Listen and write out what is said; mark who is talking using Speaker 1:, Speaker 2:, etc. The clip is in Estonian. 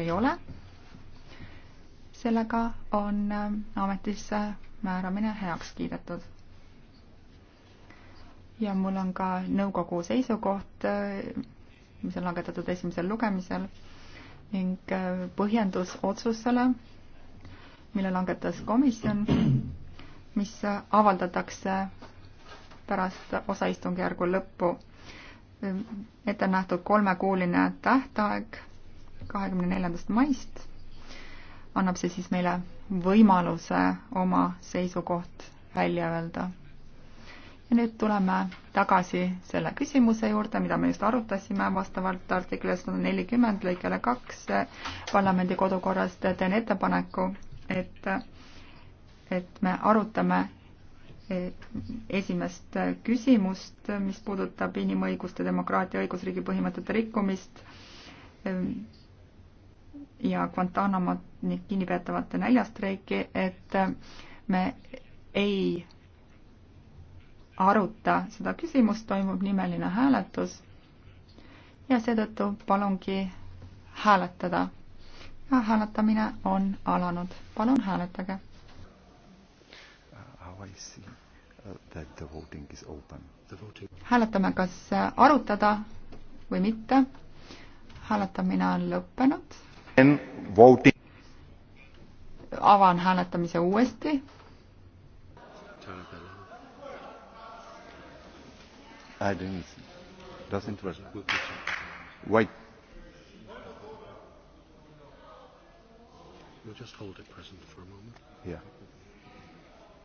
Speaker 1: ei ole. sellega on äh, ametisse määramine heaks kiidetud. ja mul on ka nõukogu seisukoht, äh, mis on langetatud esimesel lugemisel ning äh, põhjendus otsusele, mille langetas komisjon, mis avaldatakse pärast osaistungjärgu lõppu ette nähtud kolmekuuline tähtaeg kahekümne neljandast maist annab see siis meile võimaluse oma seisukoht välja öelda. ja nüüd tuleme tagasi selle küsimuse juurde, mida me just arutasime vastavalt artiklile sada nelikümmend lõikele kaks parlamendi kodukorrast. teen ettepaneku, et, et me arutame e, esimest küsimust, mis puudutab inimõiguste, demokraatia, õigusriigi põhimõtete rikkumist ja Guantanamo kinnipeetavate näljastreiki, et me ei aruta seda küsimust, toimub nimeline hääletus ja seetõttu palungi hääletada. ja hääletamine on alanud, palun hääletage. Uh, hääletame, kas arutada või mitte. hääletamine on lõppenud avan hääletamise uuesti. I didn't. Doesn't work. Wait. You just hold it present for a moment.
Speaker 2: Yeah.